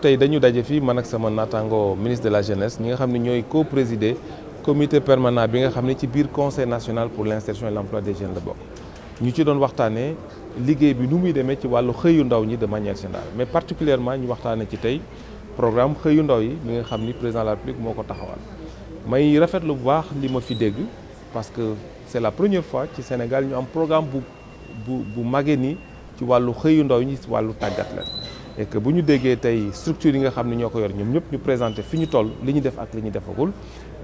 tey dañu dajé fi man ak sama natango ministre de la jeunesse ñi nga xamni ñoy ñooy co-présider comité permanent bi nga xamni ci biir conseil national pour l'insertion et l'emploi des jeunes la bok ñu ci doon waxtaanee liggéey bi nu muy démé ci walu xeyu ndaw ñi de manière générale mais particulièrement ñu waxtaanee ci tey programme xeyu ndaw yi mi nga xamni président de la République moko taxawal may rafetlu bu baax li ma fi dégg parce que c'est la première fois ci Sénégal ñu am programme bu bu bu magee nii ci walu xeyu ndaw ñi ci walu tagat la et que bu ñu déggee tey structure yi nga xam ne ñoo ko yor ñoom ñëpp ñu présenté fi ñu toll li ñu def ak li ñu defagul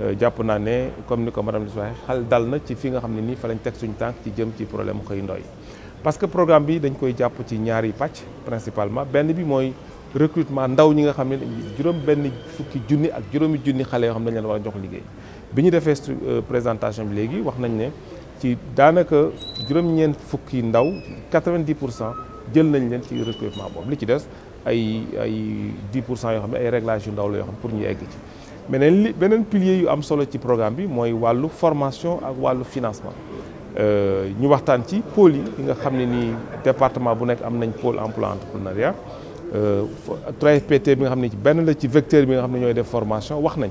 euh, jàpp naa ne comme ni ko madame Lissou waxee dal na ci fi nga xam ne nii fa lañ teg suñu tànk ci jëm ci problème xëy ndoy parce que programme bi dañ koy jàpp ci ñaari pàcc principalement benn bi mooy recrutement ndaw ñi nga xam ne juróom benn fukki junni ak juróomi junni xale yoo xam ne dañ leen war a jox liggéey ñu defee euh, présentation bi léegi wax nañ ne ci daanaka juróom-ñeent fukki ndaw 90 pour cent jël nañ leen ci recrutement boobu li ci des ay ay 10 pour cent yoo xam ne ay réglages yu ndaw la yoo xam pour ñu egg ci beneen li beneen pilier yu am solo ci programme bi mooy wàllu formation ak wàllu financement euh, ñu waxtaan ci pôle yi yi nga xam ne nii département bu nekk am nañ pôle emploi entrepreneuriat euh, 3 pt bi nga xam ne ci benn la ci vecteur bi nga xam ne ñooy def formation wax nañ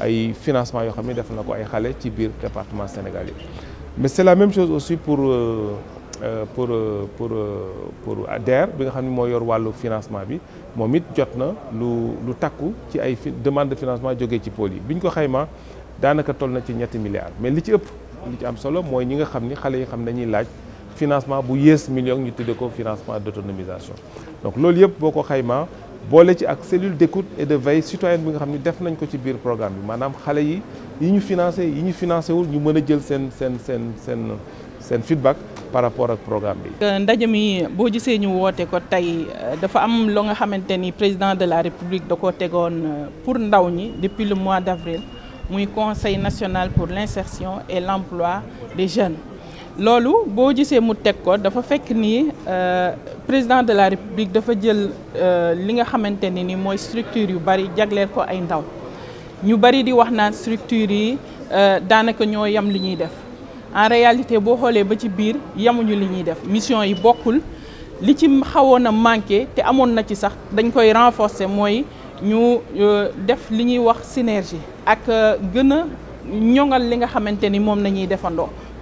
ay financement yo xamni def nako ay xalé ci biir département sénégalais. mais c'est la même chose aussi pour euh, euh, pour euh, pour pour ADER. bi nga xamni mo yor walu financement bi momit jotna lu lu takku ci ay demande de financement jógee ci pôle biñ ko xeyma danaka tolna ci ñetti milliards mais li ci ëpp li ci am solo moy ñi nga xamni xalé yi xam dañuy laaj financement bu yées million ñu tuddee ko financement d'autonomisation donc lool yëpp boko xeyma bolé ci ak cellule d'écoute et de veille citoyenne bi nga xamni def nañ ko ci biir programme bi manam xalé yi yi ñu financé yi ñu financé wul ñu mëna jël sen sen sen sen sen feedback par rapport ak programme bi. Euh, ndaje mi bo gisee ñu woté ko tay euh, dafa am lo nga xamanteni président de la république dako koo euh, pour ndaw ñi depuis le mois d'avril avril muy conseil national pour l'insertion et l'emploi des jeunes. loolu boo gisee mu teg ko dafa fekk ni euh, président de la république dafa jël euh, li nga xamante ne ni mooy structure yu bari jagleel ko ay ndaw ñu bari di wax naan structure yi euh, daanaka ñoo yam li ñuy def en réalité boo xoolee ba ci biir yamuñu li ñuy def mission yi bokkul li ci xawoon a manqué te amoon na ci sax dañ koy renforcer mooy ñu def li ñuy wax synergie ak gën a ñoŋal li nga xamante ni moom la ñuy defandoo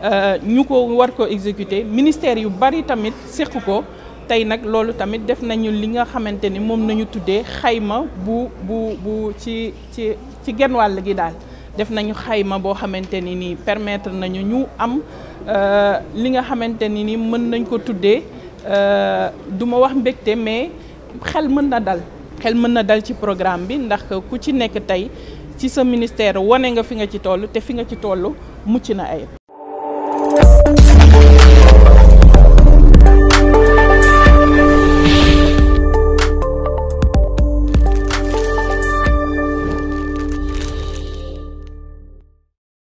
Euh, ñu ko war ko exécuter ministère yu bari tamit séq ko tey nag loolu tamit def nañu li nga xamante ni moom nañu tuddee xayma bu bu bu ci ci ci genn wàll gi daal def nañu xayma boo xamante ni nii permettre nañu ñu am euh, li nga xamante ni ni mën nañ ko tuddee euh, du ma wax mbégte mais xel mën na dal xel mën na dal ci programme bi ndax ku ci nekk tey ci sa ministère wane nga fi nga ci toll te fi nga ci toll mucc na ayib